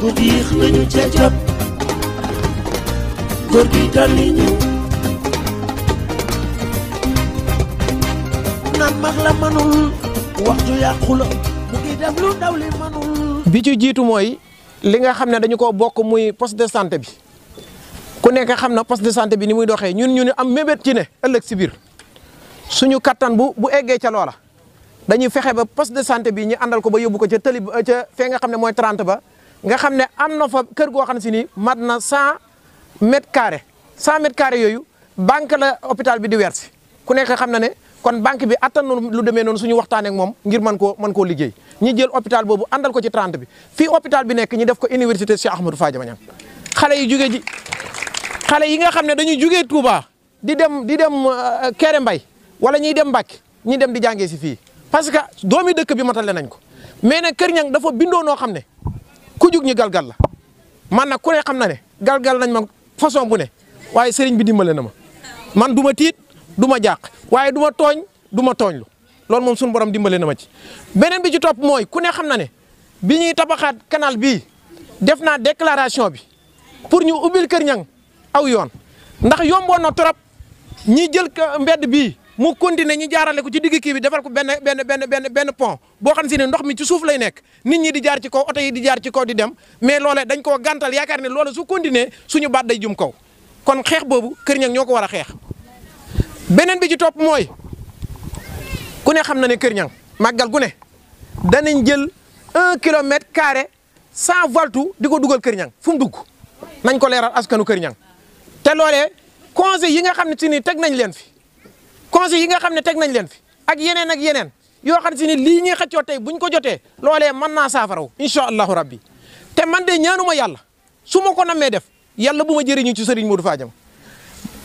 bu diix nañu ca jàpp góor gi dalli ñu naan mag la manul wax yàqu la mu ngi def lu ndaw bi ci jiitu mooy li nga xam ne dañu ko bokk muy poste de santé bi ku nekk xam na poste de santé bi ni muy doxee ñun ñu am mébét ci ne ëllëg si biir suñu kattan bu bu eggee ca loola dañu fexe ba poste de santé bi ñu àndal ko ba yóbbu ko ca tëli ca fee nga xam ne mooy 30 ba nga xam ne am na fa kër goo xam ne si nii mat na sant mètres carrés cent mètres carrés yooyu banque la hopital bi di wersi ku nekk xam na ne kon banque bi attan na lu demee noonu suñu waxtaaneek moom ngir mën koo mën koo liggéey ñi jël hôpital boobu àndal ko ci 30 bi fii hôpital bi nekk ñi def ko université Cheikh Ahmadou Fadiama Niane xale yi jugee ji xale yi nga xam ne dañuy jugee Touba di dem di dem euh, Kéré Mbay wala ñuy dem Mbàkke ñi dem di jàngee si fii parce que doomi dëkk bi matale nañ ko mais nag Kër Ñang dafa bindoo noo xam ne ku jug ñu galgal la man na ku ne xam na ne galgal nañ ma façon bu ne waaye sëriñ bi dimbale na ma man du ma tiit du ma jàq waaye duma tooñ du ma tooñlu loolu moom suñu borom dimbale na ma ci. beneen bi ci topp mooy ku ne xam na ne bi ñuy tabaxaat canal bi def naa déclaration bi pour ñu ubbil Kër ñaŋ aw yoon ndax yomboon na trop ñi jël mbedd bi mu continuer ñu jaarale ko ci digg kii bi defal ko benn benn benn benn benn pont boo xam si ne ndox mi ci suuf lay nekk nit ñi di jaar ci kaw oto yi di jaar ci kaw di dem mais loolee dañ koo gàntal yaakaar ne loolee su continuer suñu baat day jum kaw kon xeex boobu Kër Niang ñoo ko war a xeex beneen bi ci topp mooy ku ne xam na ne Kër Niang gune gu ne danañ jël un kilomètre carré sans valtu di ko dugal Kër Niang fu mu dugg nañ ko leeral askanu Kër te loolee conseil yi nga xam ni teg nañ leen fi conseil yi nga xam ne teg nañ leen fi ak yeneen ak yeneen yoo xam si ne lii ñuy xëccoo tey buñ ko jotee loolee mën naa saafaraw incha allahu rabbi te man de ñaanuma yàlla su ma ko nammee def yàlla bu ma jëriñu ci sëriñ Modou Fadiama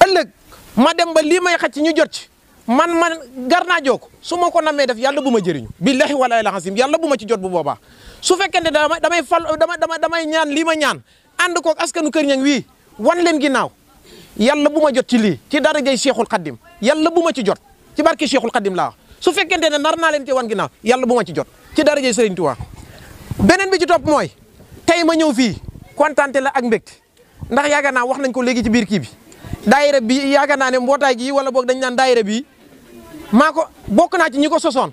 ëllëg ma dem ba lii may xëcc ñu jot ci man man gar naa jook su ma ko nammee def yàlla bu ma jëriñu billahi wala ilaha sim yàlla bu ma ci jot bu boobaa su fekkente damay damay fal damay damay ñaan lii ma ñaan ànd koog askanu kër ñang wii wan leen ginnaaw yàlla bu ma jot ci lii ci darajay Cheikhul Khadim yàlla bu ma ci jot ci barke Cheikhul Khadim laa su fekkente ne nar naa leen ci wan ginnaaw yàlla bu ma ci jot ci darajay Serigne Touba beneen bi ci topp mooy tey ma ñëw fii kontaante la ak mbégte ndax yaakaar naa wax nañ ko léegi ci biir kii bi daayira bi yaakaar naa ne mbootaay gi wala boog dañ naan daayira bi maa ko bokk naa ci ñi ko sosoon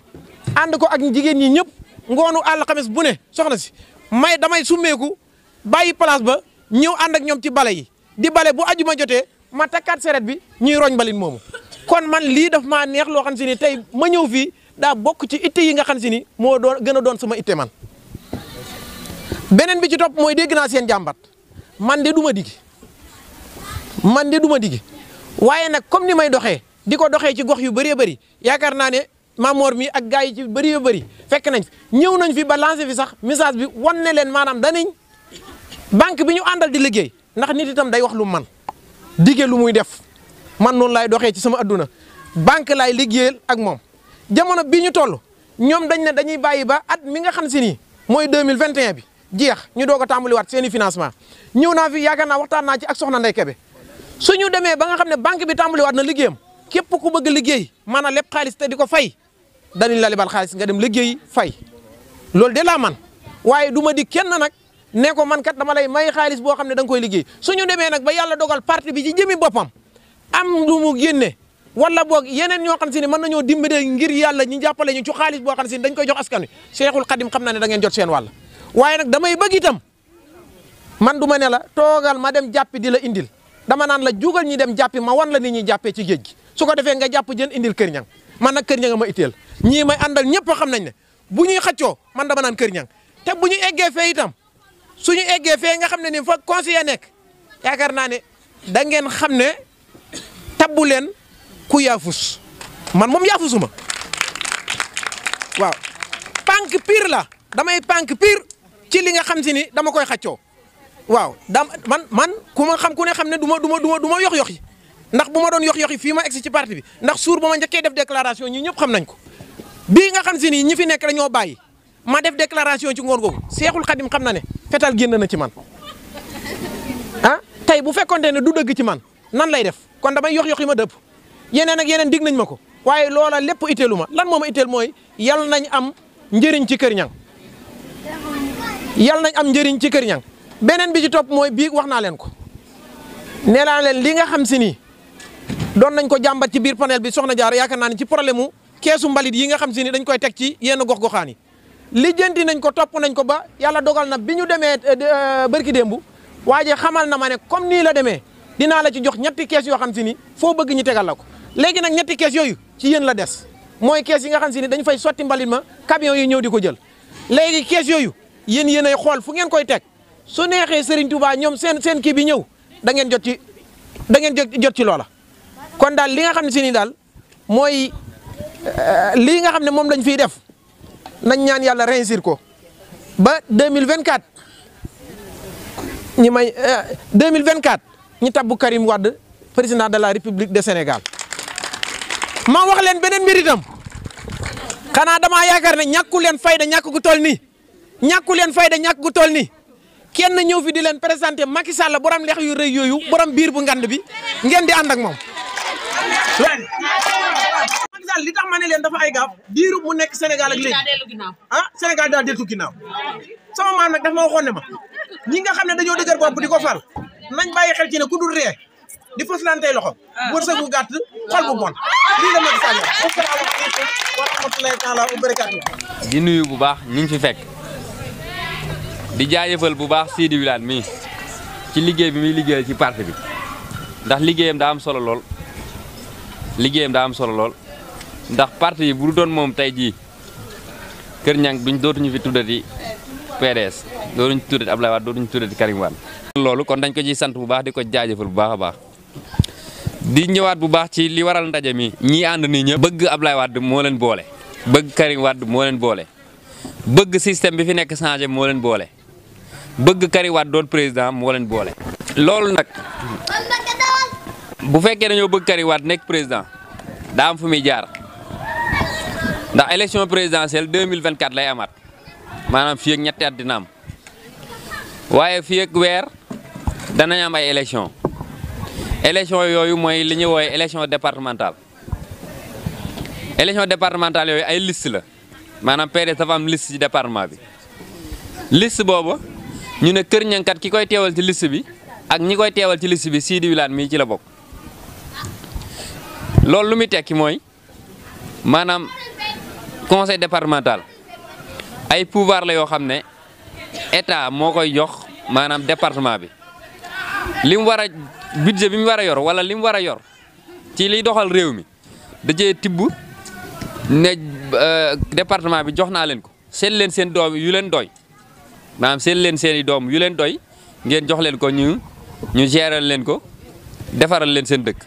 ànd ko ak jigéen ñi ñëpp ngoonu alxames bu ne soxna si may damay summeeku bàyyi place ba ñëw ànd ak ñoom ci bale yi di bale bu aju ma jotee ma takkaat seret bi ñuy roñ mbalit moomu kon man lii daf ma neex loo xam si ni tey ma ñëw fii daa bokk ci itte yi nga xam si ni moo doon gën a doon sama itte man beneen bi ci topp mooy dégg naa seen jàmbat man de du ma digi man de du ma digi waaye nag comme ni may doxee di ko doxee ci gox yu bëree bëri yaakaar naa ne Mamor mi ak gars yi ci bëri bëri fekk nañ ñëw nañ fi ba lancé fi sax message bi wan ne leen maanaam danañ banque bi ñu àndal di liggéey. ndax nit itam day wax lu man dige lu muy def man noonu laay doxee ci sama adduna banque laay liggéeyal ak moom jamono bii ñu toll ñoom dañ ne dañuy bàyyi ba at mi nga xam si ni mooy vingt 2021 bi jeex ñu doog a tàmbaliwaat seen i financement ñëw naa fi yaakaar naa waxtaan naa ci ak soxna Ndeye Kebe suñu demee ba nga xam ne banque bi waat na liggéeyam képp ku bëgg liggéey maanaam lépp xaalis te di ko fay dañu la lebal xaalis nga dem liggéey fay loolu de man waaye du ma di kenn nag ne ko man kat dama lay may xaalis boo xam ne da nga koy liggéey suñu demee nag ba yàlla dogal parti bi ci jëmi boppam am lu mu génne wala boog yeneen ñoo xam si ne mën nañoo dimbale ngir yàlla ñu jàppale ñu ci xaalis boo xam si ne dañ koy jox askan wi Cheikhul Khadim xam naa ne da ngeen jot seen wàll waaye nag damay bëgg itam man du ma ne la toogal ma dem jàppi di la indil dama naan la jugal ñi dem jàppi ma wan la ni ñuy jàppee ci géej gi su ko defee nga jàpp jën indil kër ñang man nag kër ñang ma itteel ñii may àndal ñëpp xam nañ ne bu ñuy xaccoo man dama naan kër te bu ñu eggee fee itam su ñu eggee fee nga xam ne ni fa conseiller nekk yaakaar naa ne da ngeen xam ne tabbu ku yaafus man moom yaafusuma waaw pànk pire la damay pànk pire ci li nga xam si ni dama koy xaccoo waaw da man man ku ma xam ku ne xam ne duma duma duma ma yox yox yi ndax bu ma doon yox yox yi fii ci parti bi ndax suur ba ma njëkkee def déclaration ñi ñëpp xam nañ ko bii nga xam si ni ñi fi nekk dañoo bàyyi ma def déclaration ci ngoon googu Seexul Xadim xam na ne fetal génn na ci man ah tey bu fekkonte ne du dëgg ci man nan lay def kon damay yox yox yi ma dëpp yeneen ak yeneen dig nañ ma ko waaye loola lépp iteelu ma lan moom iteel mooy yal nañ am njëriñ ci kër ñang yal nañ am njëriñ ci kër ñang beneen bi ci topp mooy bii wax naa leen ko nee naa leen li nga xam si ni doon nañ ko jàmbat ci biir panel bi soxna jaar yaakaar naa ci problème mu keesu mbalit yi nga xam si ni dañ koy teg ci yenn gox-goxaan yi lijjanti nañ ko topp nañ ko ba yàlla dogal na bi ñu demee eh, eh, bërki démb waa ji xamal na ma ne comme nii la demee dinaa la ci jox ñetti kees yoo xam si ni foo bëgg ñu tegal la ko léegi nag ñetti kees yooyu ci yéen la des mooy kees yi nga xam si ni dañ fay sotti mbalit ma camion yi ñëw di ko jël léegi kees yooyu yéen yéen ay xool fu ngeen koy teg su neexee Serigne Touba ñoom seen seen kii bi ñëw da jot ci da ngeen jot ci loola kon daal li nga xam ne si ni daal mooy eh, lii nga xam ne moom lañ fiy def nañ ñaan yàlla réussir ko ba 2024 ñi may euh, mille vingt 2024 ñi tabbu Karim Wade président de la République de Sénégal ma wax leen beneen mbiritam xanaa damaa yaakaar ne ñàkku leen fayda ñàkk gu toll nii ñàkku leen fayda ñàkk gu toll nii kenn ñëw fi di leen présenté Macky Sall borom lex yu rëy yooyu borom biir bu ngand bi ngeen di ànd ak moom. Sénégal li tax ma leen dafa ay gaaf diiru mu nekk Sénégal ak léegi ah Sénégal daal deltu ginnaaw sama maam nag dafa ma waxoon ne ma ñi nga xam ne dañoo dëgër bopp di ko fal nañ bàyyi xel ci ne ku dul ree di fëslantey loxo wërsëg bu gàtt xol bu bon lii la Macky Sall asalaamaaleykum wa rahmatulahi taala wa barakaatu di nuyu bu baax ñu ngi fi fekk di jaajëfal bu baax Sidi Wilane mii ci liggéey bi muy liggéey ci parti bi ndax liggéeyam daa am solo lool liggéeyam daa solo lool ndax parti yi bu doon moom tey jii Kër Ñang duñ dootuñu fi tuddati PDS dootuñu tuddati Abdoulaye Wade dootuñu tuddati Karim Wade loolu kon dañ ko ciy sant bu baax di ko jaajëfal bu baax a baax di ñëwaat bu baax ci li waral ndaje mi ñii ànd ni ñëpp bëgg Abdoulaye Wade moo leen boole bëgg Karim moo leen boole bëgg système bi fi nekk changé moo leen boole bëgg Karim doon président moo leen boole loolu nag bu fekkee dañoo bëgg Karim Wade nekk président daa am fu muy jaar ndax élection présidentielle 2024 lay amaat maanaam fii ak ñetti at waaye fii weer danañ am ay élection élection yooyu mooy li ñuy woowee élection départementale élection départementale yooyu ay liste la maanaam PDS dafa am liste ci département bi liste boobu ñu ne Kër Niang kat ki koy teewal ci list bi ak ñi koy teewal ci list bi Sidi Wilane mii ci la bokk loolu lu muy tekki mooy maanaam conseil départemental ay pouvoir la yoo xam ne état moo koy jox maanaam département bi li mu war a budget bi mu war a yor wala li mu war a yor ci liy doxal réew mi da tibb ne euh, département bi jox naa leen ko seet leen seen doom yu leen doy maanaam seet leen seen i doom yu leen doy ngeen jox leen ko ñu ñu géral leen ko defaral leen seen dëkk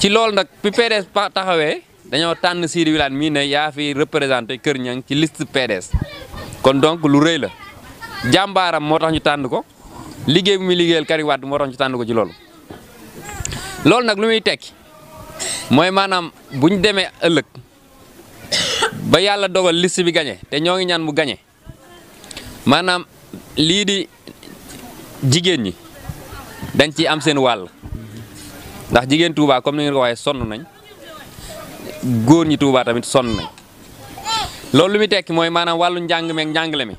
ci loolu nag bi PDS taxawee. dañoo tànn Sidi Wilane mii ne yaa fi représenté Kër Niang ci list PDS kon donc lu rëy la jàmbaaram moo tax ñu tànn ko liggéey bu muy liggéeyal Karim Wade moo tax ñu tànn ko ci loolu. loolu nag lu muy tekk mooy maanaam bu ñu demee ëllëg ba yàlla dogal list bi gañe te ñoo ngi ñaan mu gañe maanaam lii di jigéen ñi dañ ciy am seen wàll ndax jigéen Touba comme ni ngeen ko waxee sonn nañ. góor ñi Touba tamit sonn nañ loolu lu muy tekki mooy maanaam wàllu njàng meeg njàngale mi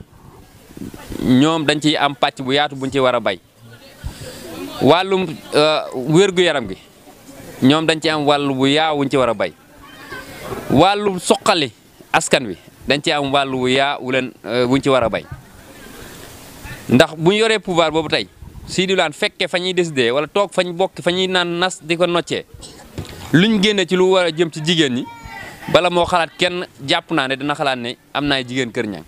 ñoom dañ ciy am pàcc bu yaatu buñ ci war a bay wàllum euh, wér yaram gi ñoom dañ ci am wàll bu yaa wuñ ci war a bay wàllu suqali askan wi dañ ci am wàll wu yaa wu euh, ci war a bay ndax bu ñu yoree pouvoir boobu tey Sidy Wane fekkee fa ñuy décider wala toog fa ñu bokk fa ñuy naan nas di ko noccee ñu génne ci lu war a jëm ci jigéen ñi bala moo xalaat kenn jàpp naa ne dana xalaat ne am naay jigéen kër ñang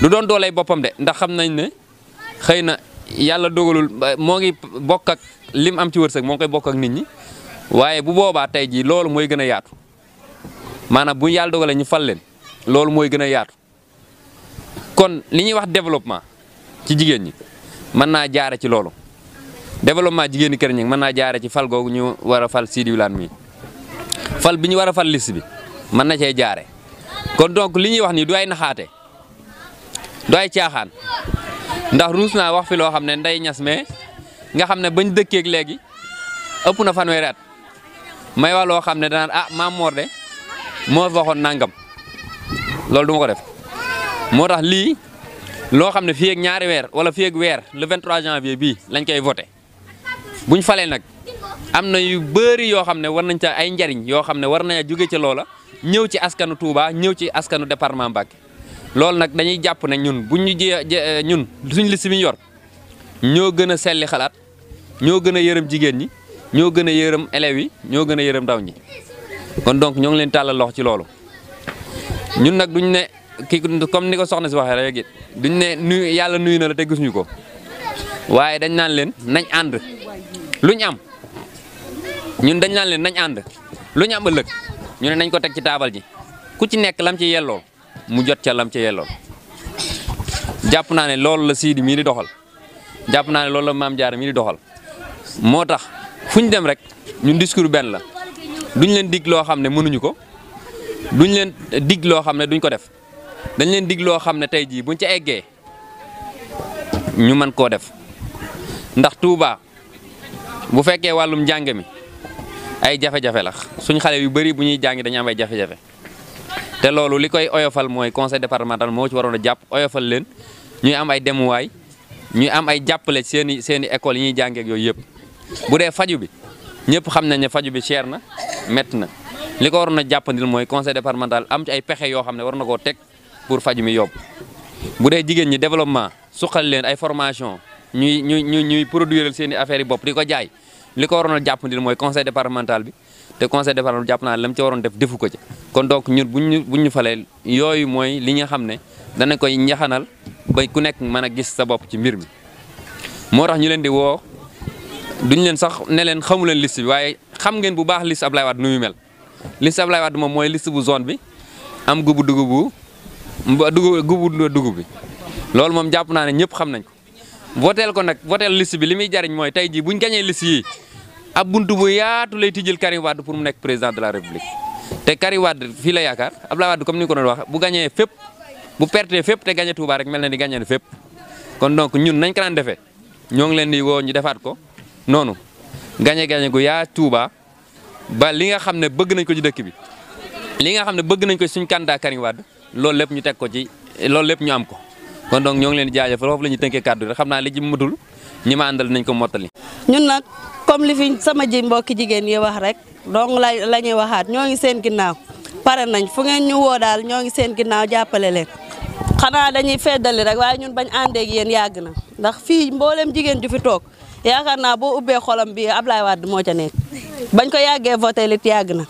lu doon dooley boppam de ndax xam nañ ne xëy na yàlla dogalul moo ngi bokk ak lim am ci wërsëg moo ngi koy bokk ak nit ñi waaye bu boobaa tey jii loolu mooy gën a yaatu maanaam bu yàlla dogalee ñu fal leen loolu mooy gën a yaatu kon li ñuy wax développement ci jigéen ñi mën naa jaare ci loolu. développement jigéeni Kër Ñaŋ mën na jaare ci fal googu ñu war fal Sidi Wilane mi fal bi ñu war a fal liste bi mën na cee jaare kon donc li ñuy wax nii du ay naxaate du ay caaxaan ndax ruus naa wax fi loo xam ne nday ñas mais nga xam ne bañ dëkkeek léegi ëpp na fanweeri at may wax loo xam ne danaan a ah, maam Mor de moo waxoon nangam loolu du ma ko def moo tax lii loo xam ne fii ak ñaari weer wala fii ak weer le 23 janvier bii lañ koy voté buñ falee nag am na yu bëri yoo xam ne war nañ ca ay njariñ yoo xam ne war nañoo jóge ca loola ñëw ci askanu Touba ñëw ci askanu département Mbacké loolu nag dañuy jàpp ne ñun buñ ñu jee eh, ñun suñ liste bi yor ñoo gën a selli xalaat ñoo gën a yërëm jigéen ñi ñoo gën a yërëm élèves yi ñoo gën a yërëm ndaw ñi kon donc ñoo ngi leen tàllal loxo ci loolu ñun nag duñ ne kii comme ni ko soxna si waxee rek it duñ ne nuyu yàlla nuyu na la te gisuñu ko waaye dañ naan leen nañ ànd lu ñu am ñun dañ naan leen nañ ànd lu ñu am ëllëg ñu ne nañ ko teg ci taabal ji ku ci nekk lam ci yellool mu jot ca lam ci yellool jàpp naa ne loolu la Sidi mii di doxal jàpp naa ne loolu la Maam Jaara mii di doxal moo tax fu ñu dem rek ñun discours benn la duñ leen dig loo xam ne mënuñu ko duñ leen dig loo xam ne duñ ko def dañ leen dig loo xam ne tey jii buñ ca eggee ñu mën koo def ndax Touba bu fekkee wàllum njàng mi ay jafe-jafe la suñ xale yu bëri bu ñuy jàng dañu am ay jafe-jafe te loolu li koy oyofal mooy conseil départemental moo ci waroon a jàpp oyofal leen ñuy am ay demuwaay ñuy am ay jàppale seen i seen école yi ñuy jàngeek yooyu yëpp bu dee faju bi ñëpp xam nañ ne faju bi cher na mett na li ko waroon a jàppandil mooy conseil départemental am ci ay pexe yoo xam ne war na koo teg pour faju mi yóbbu bu dee jigéen ñi développement suqal leen ay formation ñuy ñuy ñuy ñuy produire seen i yi bopp di ko jaay li ko waroon a jàppandil mooy conseil départemental bi te conseil départemental jàpp naa la mu ci waroon def defu ko ci. kon donc ñun bu ñu bu ñu falee yooyu mooy li nga xam ne dana koy ñaxanal ba ku nekk mën a gis sa bopp ci mbir mi moo tax ñu leen di woo duñ leen sax ne leen xamu leen bi waaye xam ngeen bu baax liste Ablaye Wade nu muy mel liste Ablaye Wade moom mooy liste bu zone bi am gubu dugub bu mba dugub dugub bi loolu moom jàpp naa ne ñëpp xam nañ ko. voteel ko nag voteel liste bi li muy jariñ mooy tey jii buñ gañee liste yi ab buntu bu yaatu lay tijjil Karim Wade pour mu nekk président de la république te Karim Wade fii la yaakaar Abdoulaye Wade comme ni ko doon wax bu gañee fépp bu pertee fépp te gañe Touba rek mel na ni gañe na fépp kon donc ñun nañ ko daan defee ñoo ngi leen di woo ñu defaat ko noonu gañe-gañe gu yaa Touba ba li nga xam ne bëgg nañ ko ci dëkk bi li nga xam ne bëgg nañ ko suñ candidat Karim Wade loolu lépp ñu teg ko ci loolu lépp ñu ko kon donc ñoo ngi leen di jaajëfal foofu la ñuy tënkee kàddu rek xam naa li ji matul ñi ma àndal nañ ko mottali. ñun nag comme li fi sama ji mbokki jigéen yi wax rek donc la la ñuy waxaat ñoo ngi seen ginnaaw pare nañ fu ngeen ñu woo daal ñoo ngi seen ginnaaw jàppale leen xanaa dañuy feddali rek waaye ñun bañ àndee ak yàgg na ndax fii mboolem jigéen ju fi toog yaakaar naa boo ubbee xolam bi ab Wade moo ca nekk bañ ko yàggee voté lit yàgg na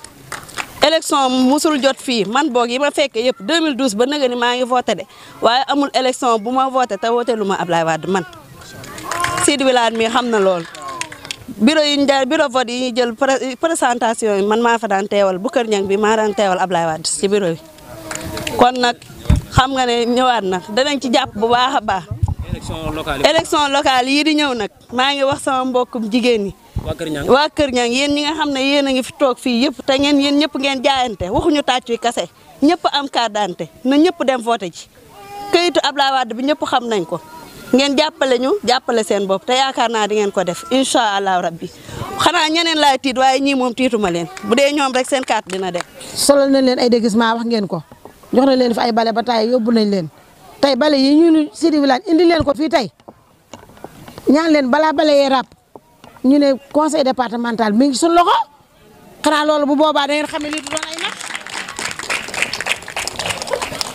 élection musul jot fii man boog yi ma fekkee yëpp 2012 ba nëga ni maa ngi voté de waaye amul élection bu ma voté te voté lu ma Ablaye Wade man Sidi Wilane mi xam na lool bureau yi ñu jaar bureau vote yi ñu jël présentation yi man maa fa daan teewal bu kër ñang bi maa daan teewal Ablaye Wade ci bureau yi kon nag xam nga ne ñëwaat nag danañ ci jàpp bu baax a baax élection locale yi di ñëw nag maa ngi wax sama mbokkum jigéen ñi waa Kër Niang waa Kër Niang yéen ñi nga xam ne yéen a ngi fi toog fii yëpp te ngeen yéen ñëpp ngeen jaayante waxuñu tàcc yi kase ñëpp am carte d'identité na ñëpp dem voté ji këyitu Abdoulaye Wade bi ñëpp xam nañ ko ngeen jàppale ñu jàppale seen bopp te yaakaar naa di ngeen ko def incha allah rabbi xanaa ñeneen laay tiit waaye ñii moom tiituma leen bu dee ñoom rek seen carte dina dem. solal nañ leen ay déguisement wax ngeen ko jox nañ leen fi ay bale ba taay yóbbu nañ leen tey bale yi ñu indi leen ko fii tey ñaan leen balaa bale yee ñu ne conseil départemental mi ngi suñu loxo xanaa loolu bu boobaa da ngeen xam ne lii du doon ay nax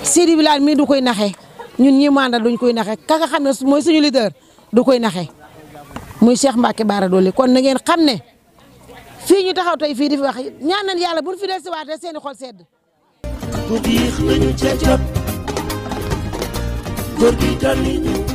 Sidi Bilal du koy naxe ñun ñi mandal duñ koy naxee ka nga xam ne mooy suñu leader du koy naxe muy Cheikh Mbacke Bara Dolly kon na ngeen xam ne fii ñu taxaw tey fii di fi wax ñaan nañ yàlla buñ fi dellusiwaatee seen seeni xol sedd. bu diix nañu ca jàpp góor gi dal ñu